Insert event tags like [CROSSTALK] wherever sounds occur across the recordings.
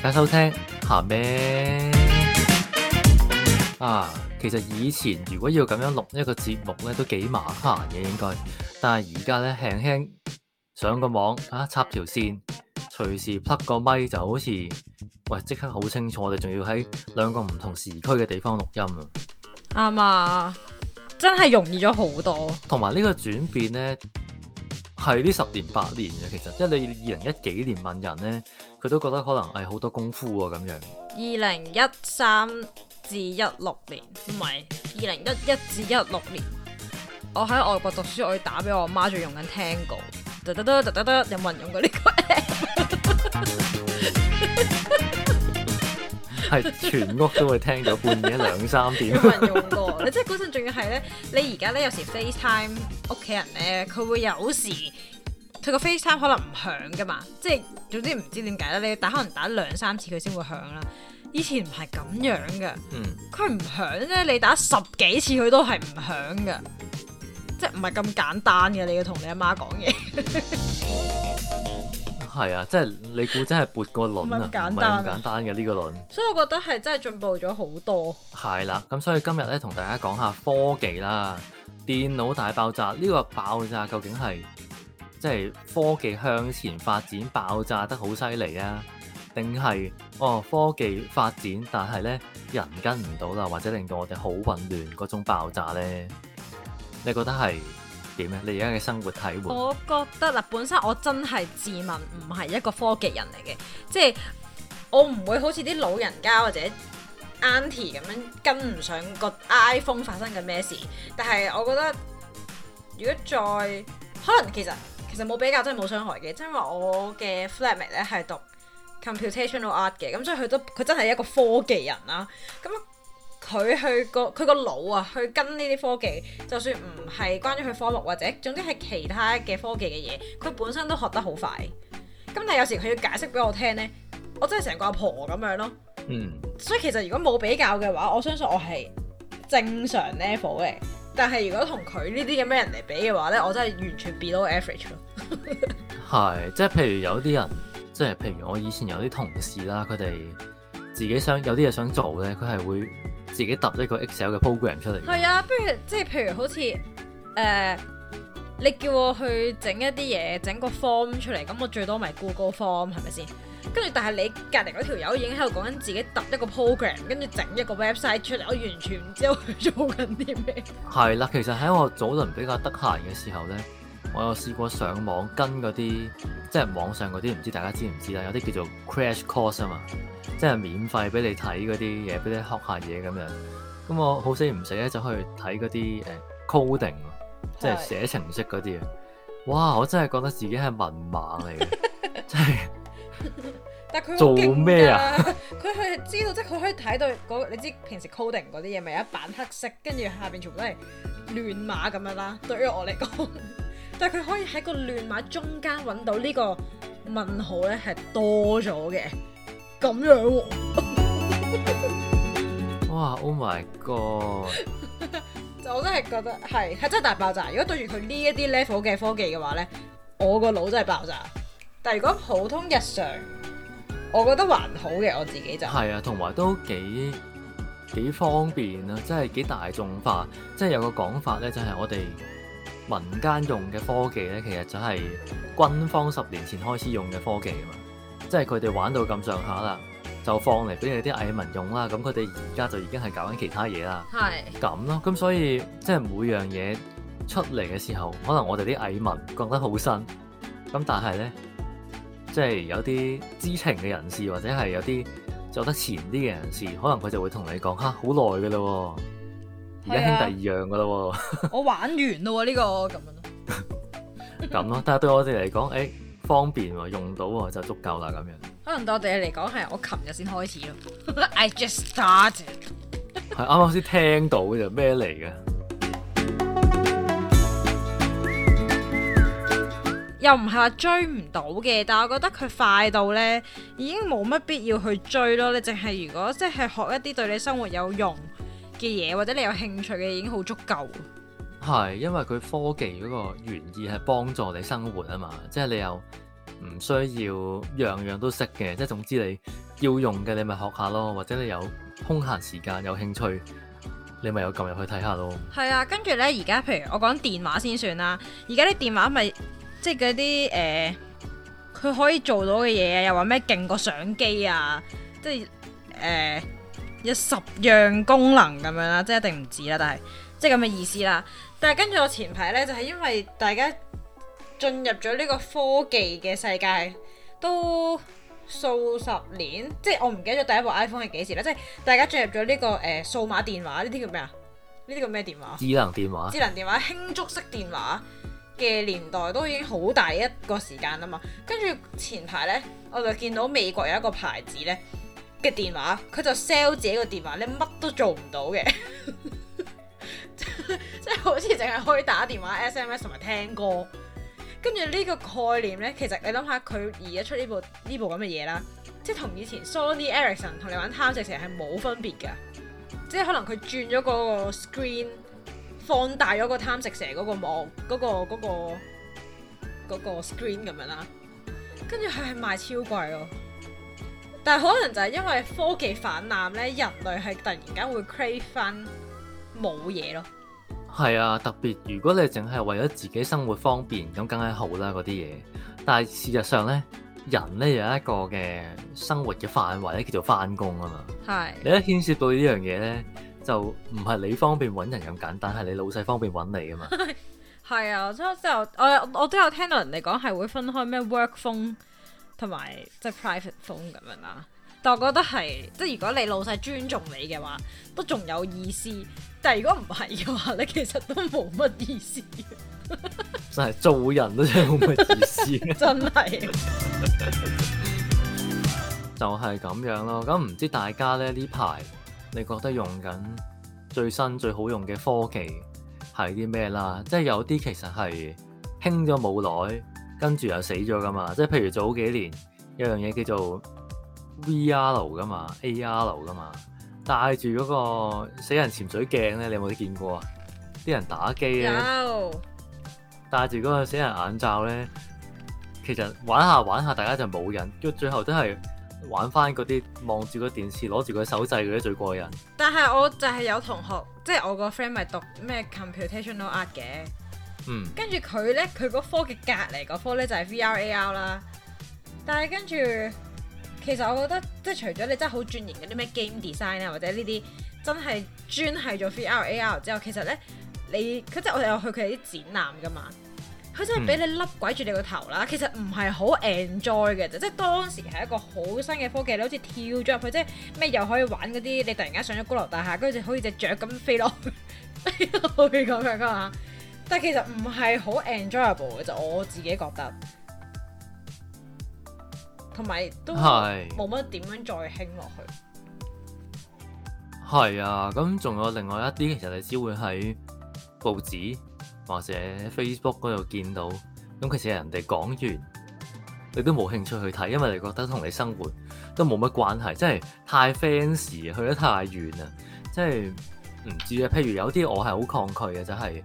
大家收聽霞咩啊！其實以前如果要咁樣錄一個節目咧，都幾麻煩嘅應該。但係而家咧輕輕上個網啊，插條線，隨時 Plug 個咪就好似喂即刻好清楚。我哋仲要喺兩個唔同時區嘅地方錄音啊，啱啊，真係容易咗好多。同埋呢個轉變咧。係呢十年八年嘅，其實，即係你二零一幾年問人咧，佢都覺得可能係好、哎、多功夫啊咁樣。二零一三至一六年，唔係，二零一一至一六年。我喺外國讀書，我要打俾我媽,媽 ango, 哼哼哼哼哼，仲用緊 Tango，得得得得得得，有冇人用過呢個 app。 [LAUGHS] 係 [LAUGHS] 全屋都會聽咗半夜 [LAUGHS] 兩三點。冇人用過，你即係嗰陣仲要係咧，你而家咧有時 FaceTime 屋企人咧，佢會有時佢個 FaceTime 可能唔響噶嘛，即係總之唔知點解啦，你打可能打兩三次佢先會響啦。以前唔係咁樣嘅，佢唔、嗯、響咧，你打十幾次佢都係唔響嘅，即係唔係咁簡單嘅你要同你阿媽講嘢。呵呵。係啊，即係你估真係撥個輪啊，唔係咁簡單嘅呢、呢個輪。所以我覺得係真係進步咗好多。係啦、啊，咁所以今日咧同大家講下科技啦，電腦大爆炸呢、呢個爆炸究竟係即係科技向前發展爆炸得好犀利啊，定係哦科技發展但係咧人跟唔到啦，或者令到我哋好混亂嗰種爆炸咧？你覺得係？點咧？你而家嘅生活體會？我覺得啦，本身我真係自問唔係一個科技人嚟嘅，即係我唔會好似啲老人家或者 Auntie 咁樣跟唔上個 iPhone 發生緊咩事。但係我覺得，如果再可能其，其實其實冇比較真係冇傷害嘅，即係因為我嘅 Flatmate 咧係讀 Computational Art 嘅，咁所以佢都佢真係一個科技人啦、啊。咁。佢去個佢個腦啊，去跟呢啲科技，就算唔係關於佢科目或者，總之係其他嘅科技嘅嘢，佢本身都學得好快。咁但係有時佢要解釋俾我聽呢，我真係成個阿婆咁樣咯。嗯。所以其實如果冇比較嘅話，我相信我係正常 level 嘅。但係如果同佢呢啲咁嘅人嚟比嘅話呢，我真係完全 below average 咯。係， [LAUGHS] 即係譬如有啲人，即係譬如我以前有啲同事啦，佢哋自己想有啲嘢想做呢，佢係會。自己揼一個 Excel 嘅 program 出嚟。係啊，不如即係譬如好似誒、呃，你叫我去整一啲嘢，整個 form 出嚟，咁我最多咪 Google form 係咪先？跟住但係你隔離嗰條友已經喺度講緊自己揼一個 program，跟住整一個 website 出嚟，我完全唔知佢做緊啲咩。係啦、啊，其實喺我早輪比較得閒嘅時候咧。我有試過上網跟嗰啲，即係網上嗰啲，唔知大家知唔知啦，有啲叫做 crash course 啊嘛，即係免費俾你睇嗰啲嘢，俾你學下嘢咁樣。咁我好死唔死咧，就、呃、去睇嗰啲誒 coding，即係寫程式嗰啲啊！是哇，我真係覺得自己係文盲嚟嘅， [LAUGHS] 真係的。 [LAUGHS] 但佢做咩啊？佢 [LAUGHS] 係知道，即係佢可以睇到你知平時 coding 嗰啲嘢咪一版黑色，跟住下邊全部都係亂碼咁樣啦。對於我嚟講。 [LAUGHS] 但係佢可以喺個亂碼中間揾到呢個問號咧，係多咗嘅咁樣，哦。 [LAUGHS] 哇！Oh my god！ [LAUGHS] 就我真係覺得係係真係大爆炸。如果對住佢呢一啲 level 嘅科技嘅話咧，我個腦真係爆炸。但係如果普通日常，我覺得還好嘅。我自己就係啊，同埋都幾幾方便啊，即係幾大眾化。即係有個講法咧，就係、是、我哋。民間用嘅科技咧，其實就係軍方十年前開始用嘅科技啊嘛，即係佢哋玩到咁上下啦，就放嚟俾你啲蟻民用啦。咁佢哋而家就已經係搞緊其他嘢啦，咁咯是。咁所以即係每樣嘢出嚟嘅時候，可能我哋啲蟻民覺得好新，咁但係咧，即係有啲知情嘅人士或者係有啲做得前啲嘅人士，可能佢就會同你講吓，好耐㗎啦喎。而家興第二樣噶啦，啊、 [LAUGHS] 我玩完咯喎，啊、呢、這個咁樣咯，咁咯。但係對我哋嚟講，誒、欸，方便、啊、用到、啊、就足夠啦，咁樣。可能對我哋嚟講係我琴日先開始咯 [LAUGHS] ，I just started [LAUGHS] 係啱啱先聽到咋，咩嚟嘅？又唔係話追唔到嘅，但係我覺得佢快到咧，已經冇乜必要去追咯。你淨係如果即係、就是、學一啲對你生活有用嘅嘢或者你有興趣嘅已經好足夠，係因為佢科技嗰個原意係幫助你生活啊嘛，即係你又唔需要樣樣都識嘅，即係總之你要用嘅你咪學下咯，或者你有空閒時間有興趣，你咪有撳入去睇下咯。係啊，跟住咧，而家譬如我講電話先算啦，而家啲電話咪即係嗰啲誒，佢、呃、可以做到嘅嘢又話咩勁過相機啊，即係誒。呃有十樣功能咁樣啦，即係一定唔止啦，但係即係咁嘅意思啦。但係跟住我前排呢，就係、是、因為大家進入咗呢個科技嘅世界都數十年，即係我唔記得咗第一部 iPhone 係幾時啦。即係大家進入咗呢、呢個誒、呃、數碼電話呢啲叫咩啊？呢啲叫咩電話？智能電話。智能電話、輕觸式電話嘅年代都已經好大一個時間啊嘛。跟住前排呢，我就見到美國有一個牌子呢。嘅電話佢就 sell 自己個電話，你乜都做唔到嘅，即 [LAUGHS] 係 [LAUGHS] 好似淨係可以打電話、SMS 同埋聽歌。跟住呢個概念呢，其實你諗下佢而家出呢部呢部咁嘅嘢啦，即係同以前 Sony Ericsson 同你玩貪食蛇係冇分別嘅，即係可能佢轉咗個 screen 放大咗個貪食蛇嗰個網嗰個嗰個嗰個 screen 咁樣啦。跟住佢係賣超貴咯。但係可能就係因為科技氾濫咧，人類係突然間會 crave 翻冇嘢咯。係啊，特別如果你淨係為咗自己生活方便，咁梗係好啦嗰啲嘢。但係事實上咧，人咧有一個嘅生活嘅範圍咧叫做翻工啊嘛。係是。你一牽涉到呢樣嘢咧，就唔係你方便揾人咁簡單，係你老細方便揾你啊嘛。係 [LAUGHS] 啊，即係我我我都有聽到人哋講係會分開咩 work phone。同埋即係 private phone 咁樣啦，但我覺得係即係如果你老細尊重你嘅話，都仲有意思。但係如果唔係嘅話，你其實都冇乜意思。真 [LAUGHS] 係做人都真係冇乜意思 [LAUGHS] 真係，真係。就係咁樣咯。咁唔知大家咧呢排，你覺得用緊最新最好用嘅科技係啲咩啦？即係有啲其實係興咗冇耐。跟住又死咗噶嘛？即係譬如早幾年有樣嘢叫做 VR 流噶嘛、AR 流噶嘛，戴住嗰個死人潛水鏡咧，你有冇啲見過啊？啲人打機有！戴住嗰個死人眼罩咧，其實玩下玩下，大家就冇人，跟最後都係玩翻嗰啲望住個電視、攞住個手掣嗰啲最過癮。但係我就係有同學，即係我個 friend 咪讀咩 computational art 嘅。嗯、跟住佢咧，佢嗰科嘅隔籬嗰科咧就係、是、V R A R 啦。但係跟住，其實我覺得即係除咗你真係好鑽研嗰啲咩 game design 啊，或者呢啲真係專係做 V R A R 之後，其實咧你佢即係我哋又去佢啲展覽噶嘛，佢真係俾你笠鬼住你個頭啦。嗯、其實唔係好 enjoy 嘅啫，即係當時係一個好新嘅科技，你好似跳咗入去，即係咩又可以玩嗰啲，你突然間上咗高樓大廈，跟住好似隻雀咁飛落去咁樣噶嘛。 [LAUGHS] [LAUGHS] [LAUGHS] 但其實唔係好 enjoyable 嘅，就我自己覺得，同埋都冇乜點樣再興落去。係啊，咁仲有另外一啲，其實你只會喺報紙或者 Facebook 嗰度見到。咁其實人哋講完，你都冇興趣去睇，因為你覺得同你生活都冇乜關係，即係太 fans 去得太遠啊，即係唔知啊。譬如有啲我係好抗拒嘅，就係。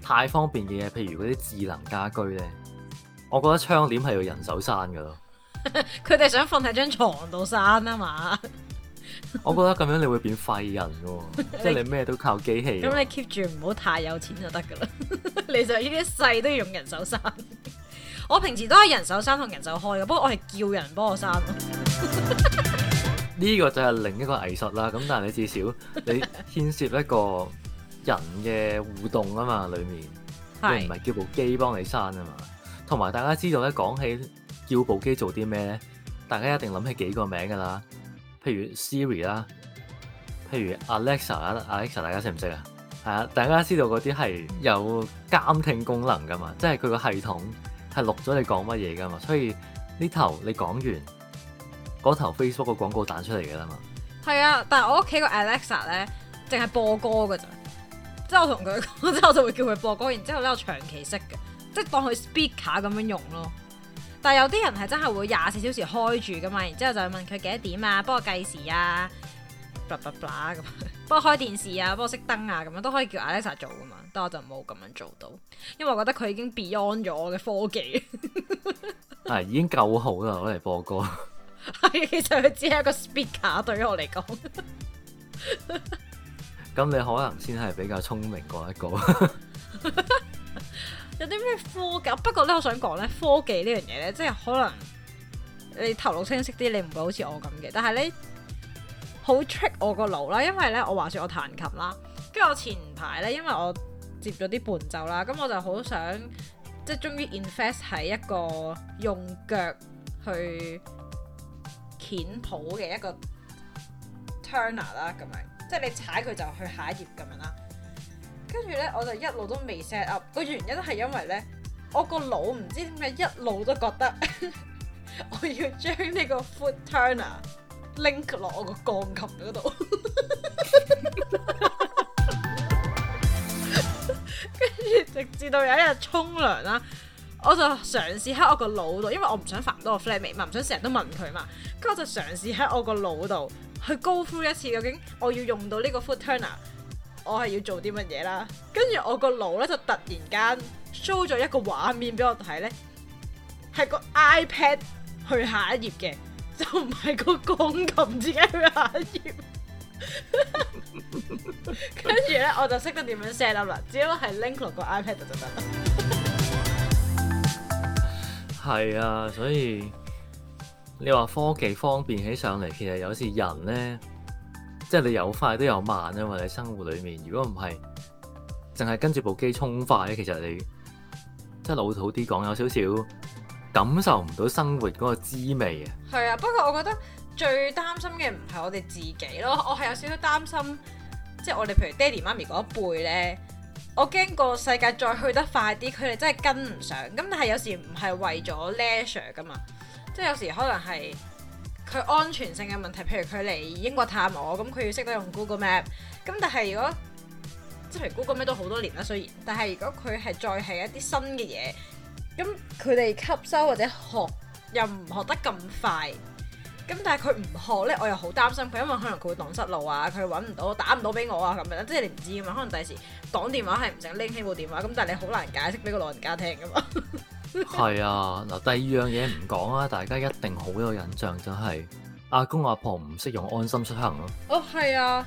太方便嘅嘢，譬如嗰啲智能家居咧，我覺得窗簾係要人手閂噶咯。佢哋 [LAUGHS] 想瞓喺張床度閂啊嘛。 [LAUGHS] 我覺得咁樣你會變廢人嘅喎，哦， [LAUGHS] 即係你咩都靠機器，啊。咁 [LAUGHS] 你 keep 住唔好太有錢就得噶啦， [LAUGHS] 你就呢一世都要用人手閂。 [LAUGHS] 我平時都係人手閂同人手開嘅，不過我係叫人幫我閂咯。呢 [LAUGHS] 個就係另一個藝術啦。咁但係你至少你牽涉一個。人嘅互動啊嘛，裏面你唔係叫部機幫你刪啊嘛，同埋大家知道咧，講起叫部機做啲咩咧，大家一定諗起幾個名㗎啦，譬如 Siri 啦，譬如 Alexa，Alexa 啦。 [MUSIC] Alexa，大家識唔識啊？係啊，大家知道嗰啲係有監聽功能㗎嘛，即係佢個系統係錄咗你講乜嘢㗎嘛，所以呢頭你講完，嗰頭 Facebook 個廣告彈出嚟㗎啦嘛。係啊，但係我屋企個 Alexa 咧，淨係播歌㗎咋。之後同佢講，之後就會叫佢播歌。然之後咧，我長期識嘅，即係當佢 speaker 咁樣用咯。但係有啲人係真係會廿四小時開住噶嘛。然之後就問佢幾多點啊，幫我計時啊，blah blah blah 咁樣，幫我開電視啊，幫我熄燈啊，咁樣都可以叫 Alexa 做噶嘛。但我就冇咁樣做到，因為我覺得佢已經 beyond 咗我嘅科技。係 [LAUGHS] 已經夠好啦，攞嚟播歌。係 [LAUGHS] 其實佢只係一個 speaker 對於我嚟講。 [LAUGHS] 咁你可能先係比較聰明過一個 [LAUGHS] [LAUGHS] 有啲咩科技？不過咧，我想講咧，科技呢樣嘢咧，即係可能你頭腦清晰啲，你唔會好似我咁嘅。但係咧，好 trick 我個腦啦，因為咧，我話說我彈琴啦，跟住我前排咧，因為我接咗啲伴奏啦，咁我就好想即係終於 invest 喺一個用腳去掀譜嘅一個 turner 啦，咁樣。即係你踩佢就去下一頁咁樣啦，跟住咧我就一路都未 set up，個原因係因為咧我個腦唔知點解一路都覺得 [LAUGHS] 我要將呢個 foot turner link 落我個鋼琴嗰度，跟住直至到有一日沖涼啦，我就嘗試喺我個腦度，因為我唔想煩到個 Flemmy 嘛，唔想成日都問佢嘛，跟住我就嘗試喺我個腦度。去 go through 一次究竟我要用到呢個 foot turner，我係要做啲乜嘢啦？跟住我個腦咧就突然間 show 咗一個畫面俾我睇咧，係個 iPad 去下一頁嘅，就唔係個鋼琴自己去下一頁。跟住咧我就識得點樣 set up 啦，只要係 link 落個 iPad 就得啦。係 [LAUGHS] 啊，所以。你話科技方便起上嚟，其實有時人呢，即係你有快都有慢啊！或者生活裏面，如果唔係淨係跟住部機沖快，其實你即係老土啲講，有少少感受唔到生活嗰個滋味啊！係啊，不過我覺得最擔心嘅唔係我哋自己咯，我係有少少擔心，即係我哋譬如爹哋媽咪嗰一輩呢，我驚個世界再去得快啲，佢哋真係跟唔上。咁但係有時唔係為咗 leisure 㗎嘛。即係有時可能係佢安全性嘅問題，譬如佢嚟英國探我，咁佢要識得用 Google Map。咁但係如果即係 Google Map 都好多年啦，雖然，但係如果佢係再係一啲新嘅嘢，咁佢哋吸收或者學又唔學得咁快。咁但係佢唔學呢，我又好擔心佢，因為可能佢會蕩失路啊，佢揾唔到，打唔到俾我啊咁樣。即係你唔知啊嘛，可能第時講電話係唔成，拎起部電話咁，但係你好難解釋俾個老人家聽噶嘛。 [LAUGHS] 係 [LAUGHS] 啊，嗱，第二樣嘢唔講啊，大家一定好有印象，就係、是、阿公阿婆唔識用安心出行咯。哦，係啊，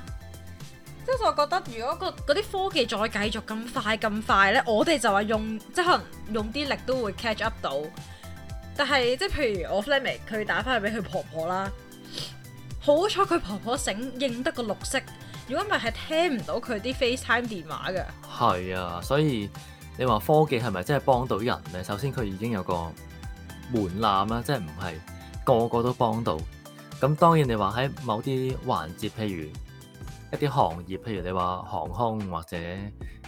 即、就、係、是、我覺得如果個嗰啲科技再繼續咁快咁快咧，我哋就話用即係、就是、可能用啲力都會 catch up 到。但係即係譬如我 friend 佢打翻去俾佢婆婆啦，好彩佢婆婆醒，認得個綠色，如果唔係係聽唔到佢啲 FaceTime 電話㗎。係啊，所以。你話科技係咪真係幫到人呢？首先佢已經有個門檻啦，即係唔係個個都幫到。咁當然你話喺某啲環節，譬如一啲行業，譬如你話航空或者誒、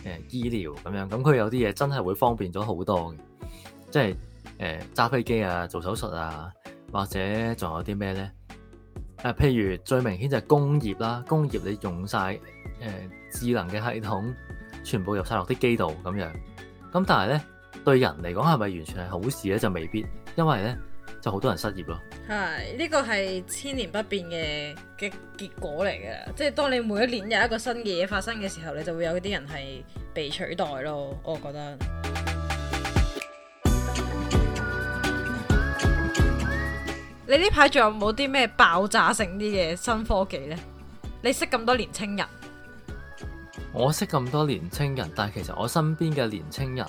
呃、醫療咁樣，咁佢有啲嘢真係會方便咗好多嘅，即係誒揸飛機啊、做手術啊，或者仲有啲咩呢？誒、呃，譬如最明顯就係工業啦，工業你用晒誒、呃、智能嘅系統，全部入晒落啲機度咁樣。咁但係咧，對人嚟講係咪完全係好事咧？就未必，因為咧就好多人失業咯。係呢個係千年不變嘅嘅結果嚟嘅。即係當你每一年有一個新嘅嘢發生嘅時候，你就會有啲人係被取代咯。我覺得 [MUSIC] 你呢排仲有冇啲咩爆炸性啲嘅新科技呢？你識咁多年青人？我識咁多年青人，但係其實我身邊嘅年青人，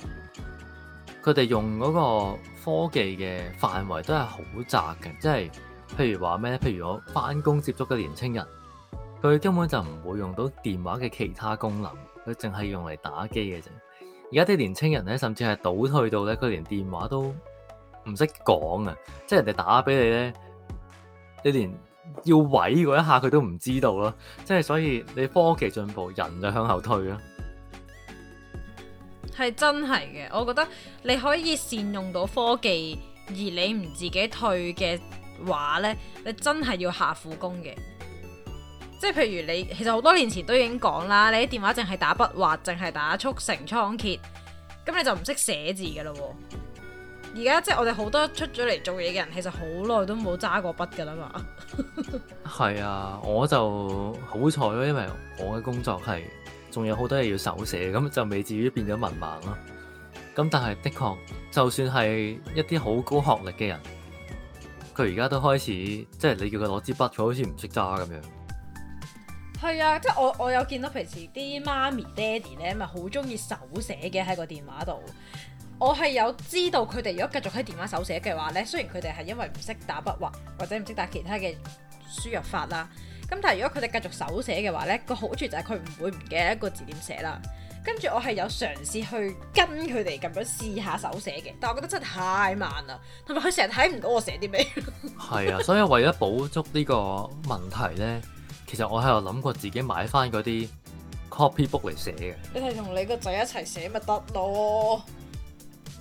佢哋用嗰個科技嘅範圍都係好窄嘅，即係譬如話咩？譬如我翻工接觸嘅年青人，佢根本就唔會用到電話嘅其他功能，佢淨係用嚟打機嘅啫。而家啲年青人咧，甚至係倒退到咧，佢連電話都唔識講啊！即係人哋打俾你咧，你連，要毀嗰一下佢都唔知道咯，即係所以你科技進步，人就向後退咯。係真係嘅，我覺得你可以善用到科技，而你唔自己退嘅話呢，你真係要下苦功嘅。即係譬如你其實好多年前都已經講啦，你啲電話淨係打筆畫，淨係打速成倉頡，咁你就唔識寫字噶咯喎。而家即係我哋好多出咗嚟做嘢嘅人，其實好耐都冇揸過筆㗎啦嘛。係 [LAUGHS] 啊，我就好彩咯，因為我嘅工作係仲有好多嘢要手寫，咁就未至於變咗文盲咯。咁但係的確，就算係一啲好高學歷嘅人，佢而家都開始即係、就是、你叫佢攞支筆，佢好似唔識揸咁樣。係啊，即係我我有見到平時啲媽咪爹哋咧，咪好中意手寫嘅喺個電話度。我係有知道佢哋如果繼續喺電話手寫嘅話呢，雖然佢哋係因為唔識打筆畫或者唔識打其他嘅輸入法啦。咁但係如果佢哋繼續手寫嘅話呢個好處就係佢唔會唔記得一個字點寫啦。跟住我係有嘗試去跟佢哋咁樣試下手寫嘅，但我覺得真係太慢啦，同埋佢成日睇唔到我寫啲咩。係啊，所以為咗補足呢個問題呢， [LAUGHS] 其實我喺度諗過自己買翻嗰啲 copy book 嚟寫嘅。你係同你個仔一齊寫咪得咯？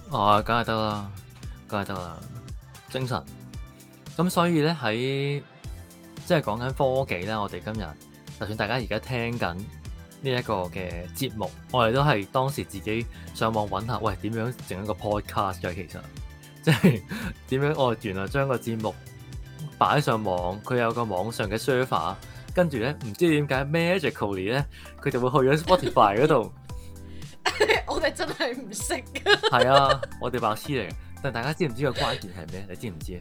哦，梗係得啦，梗係得啦，精神。咁所以咧，喺即係講緊科技咧，我哋今日就算大家而家聽緊呢一個嘅節目，我哋都係當時自己上網搵下，喂，點樣整一個 podcast 嘅？其實即係點樣？我、哦、原來將個節目擺上網，佢有個網上嘅 server，跟住咧唔知點解 magically 咧，佢就會去咗 Spotify 嗰度。 [LAUGHS] 我哋真係唔識㗎。係 [LAUGHS] 啊，我哋白痴嚟嘅。但係大家知唔知個關鍵係咩？你知唔知啊？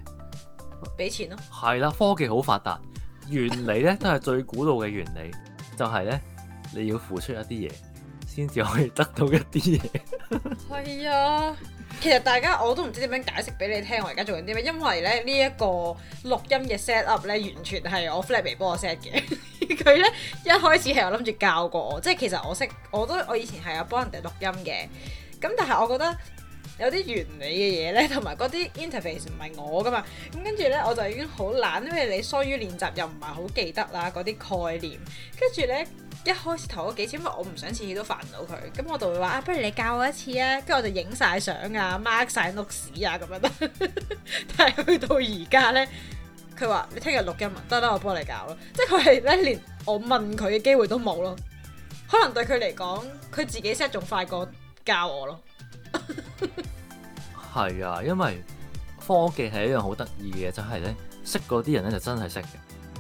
俾錢咯。係啦，科技好發達，原理咧 [LAUGHS] 都係最古老嘅原理，就係咧你要付出一啲嘢，先至可以得到一啲嘢。係 [LAUGHS] 啊，其實大家我都唔知點樣解釋俾你聽。我而家做緊啲咩？因為咧呢一個錄音嘅 set up 咧，完全係我 Flat 幫我 set 嘅。 [LAUGHS] 佢咧 [LAUGHS] 一開始係有諗住教過我，即係其實我識，我都我以前係有幫人哋錄音嘅。咁但係我覺得有啲原理嘅嘢咧，同埋嗰啲 interface 唔係我噶嘛。咁跟住咧，我就已經好懶，因為你疏於練習又唔係好記得啦，嗰啲概念。跟住咧，一開始頭嗰幾次，因為我唔想次次都煩到佢，咁我就會話：啊，不如你教我一次啊！跟住我就影晒相啊，mark 晒 notes 啊，咁、啊、樣 [LAUGHS] 但。但係去到而家咧。佢話你聽日錄音啊，得得，我幫你搞咯，即係佢係咧連我問佢嘅機會都冇咯，可能對佢嚟講，佢自己識仲快過教我咯。係 [LAUGHS] 啊，因為科技係一樣好得意嘅，就係咧識嗰啲人咧就真係識嘅。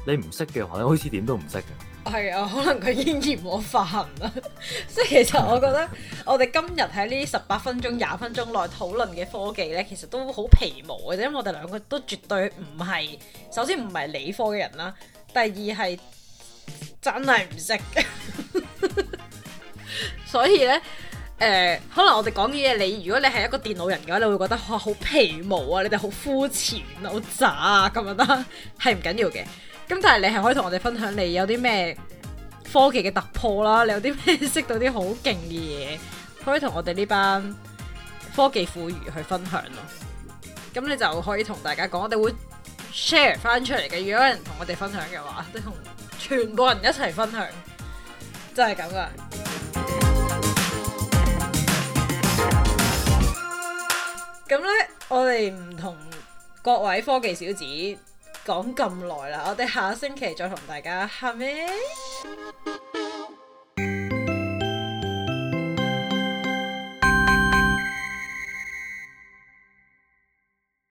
你唔識嘅話，你開始點都唔識嘅。係啊，可能佢已經嫌我煩啦。即 [LAUGHS] 以其實我覺得，我哋今日喺呢十八分鐘、廿分鐘內討論嘅科技呢，其實都好皮毛嘅。因為我哋兩個都絕對唔係，首先唔係理科嘅人啦，第二係真係唔識嘅。 [LAUGHS] 所以呢，誒、呃，可能我哋講啲嘢，你如果你係一個電腦人嘅話，你會覺得哇好皮毛啊，你哋好膚淺啊，好渣啊咁樣啦。係，唔緊要嘅。咁但係你係可以同我哋分享你有啲咩科技嘅突破啦，你有啲咩識到啲好勁嘅嘢，可以同我哋呢班科技富餘去分享咯。咁你就可以同大家講，我哋會 share 翻出嚟嘅。如果有人同我哋分享嘅話，即係同全部人一齊分享，真係咁啦。咁咧，我哋唔同各位科技小子。講咁耐啦，我哋下星期再同大家係咪？ [MUSIC]